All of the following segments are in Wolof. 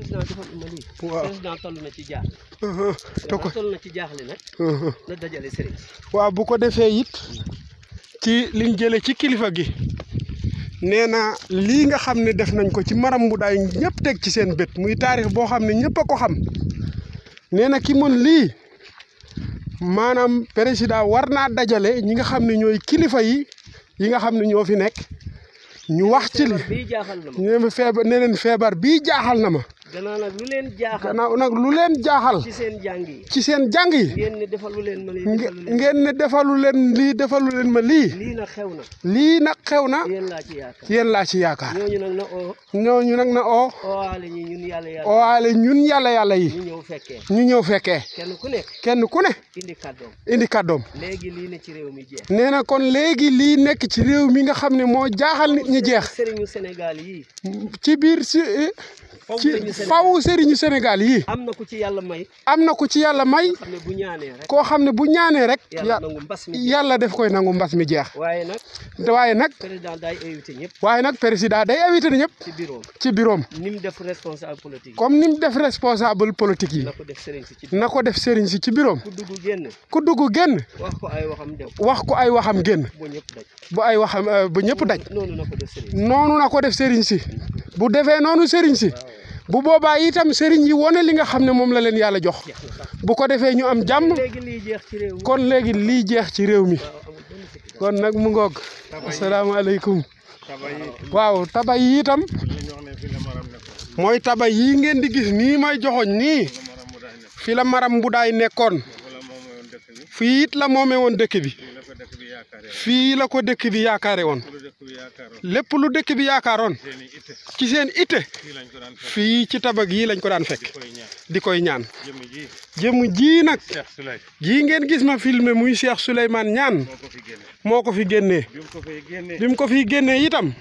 président defal ma lii président toll na ci jaaxle donc uh-huh. toll na ci jaaxle nag uh-huh. na dajale sëriñ waaw bu ko defee it ci liñ jële ci kilifa gi nee na lii nga xam ne def nañ ko ci maram bu daay ñëpp teg ci seen bët muy taarix boo xam ne ko xam nee ki mën lii maanaam président war dajale ñi nga xam ne ñooy kilifa yi yi nga xam ne ñoo fi nekk ñu wax ci li nee na feebar nee neen jaaxal na ma gannaaw nag lu leen jaaxal gannaaw nag lu leen jaaxal. ci seen jàng yi ci seen jàng yi. ngeen ne defalu leen ma lii ngeen ne defalu leen lii defalu leen ma lii. lii nag xew na. lii nag xew na. yéen laa ci yen laa ci yaakaar. ñooñu nag na oo. ñooñu nag na oo. owaale ñun yàlla yàlla. yàlla yàlla yi. ñu ñëw fekkee. ñu ñëw fekkee. kenn ku ne. kenn ku ne. indi kàddoom indi kàddoom. léegi lii ne ci réew mi jeex. nee na kon léegi lii nekk ci réew mi nga xam ne moo jaaxal nit ñi jeex. sëriñu Sénégal yi. ci biir si eh, ci faw sëriñu Sénégal yi. am na ko ci yàlla may. am na ku ci yàlla may. koo xam ne bu ñaanee rek. yàlla def koy nangu mbas mi jeex. waaye nag. waaye nag. président day invité ñëpp. waaye nag président day invité ñëpp. ci biroom ci biroom. ni mu def responsable politique comme ni mu def responsable politique yi. na ko def sëriñ si ci biroom na ko def sëriñ si ci biroom. ku dugg génn. ku dugg génn. wax ko ay waxam wax ko ay waxam génn. bu ñëpp daj. bu ay waxam eh, bu ñëpp daj. noonu na ko def sëriñ si. noonu na def sëriñ si. bu defee noonu sëriñ si. bu boobaa yitam sëriñ yi wane li nga xam ne moom la leen yàlla jox bu ko defee ñu am jàmm kon léegi lii jeex ci réew mi kon nag mu ngoog asalaamaaleykum waaw taba yi itam mooy taba yii ngeen di gis nii may joxoñ nii fi la maram bu nekkoon fii it la moome woon dëkk bi fii la ko dëkk bi yaakaare woon lépp lu dëkk bi yaakaaroon ci seen itte fii ci tabag yi lañ ko daan fekk di koy ñaan jëm jii nag jii ngeen gis ma filmé muy Cheikh Souleymane Niane moo ko fi génnee bi mu ko fii génnee itam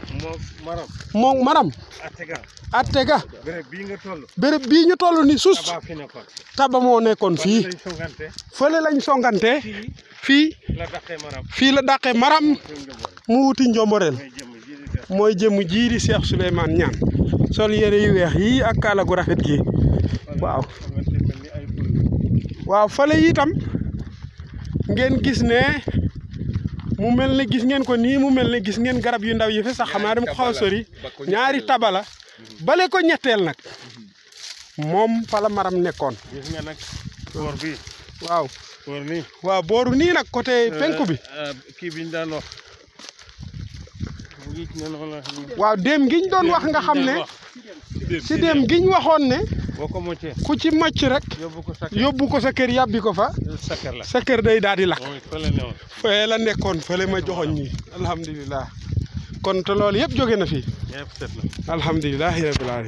moom maram attega béréb bii ñu toll ni sus taba moo nekkoon fii fële lañ songante fii fii la daqe maram mu wuti njomboreel mooy jëmm jii di Cheikh Souleymane Niane sol yére yu weex yii ak kaala gu rafet gi waaw waaw fale itam ngeen gis ne mu mel ne gis ngeen ko nii mu mel ne gis ngeen garab yu ndaw yi fi sax xam naa ko xaw sori ñaari tabala bale ko ñetteel nag moom fala maram nekkoon gis waaw booru nii nag côté euh, penku bi. Euh, kii bi ñu daan wax. waaw déem gi doon wax nga xam ne. si déem gi ñu waxoon ne. ku ci màcc rek. yóbbu ko sa kër yàbbi ko fa. sa kër day daal di lakk. fële la nekkoon fële ma joxoon ñi alhamdulilah. kon te loolu yëpp jóge na fi. alhamdulilah rabbil alamin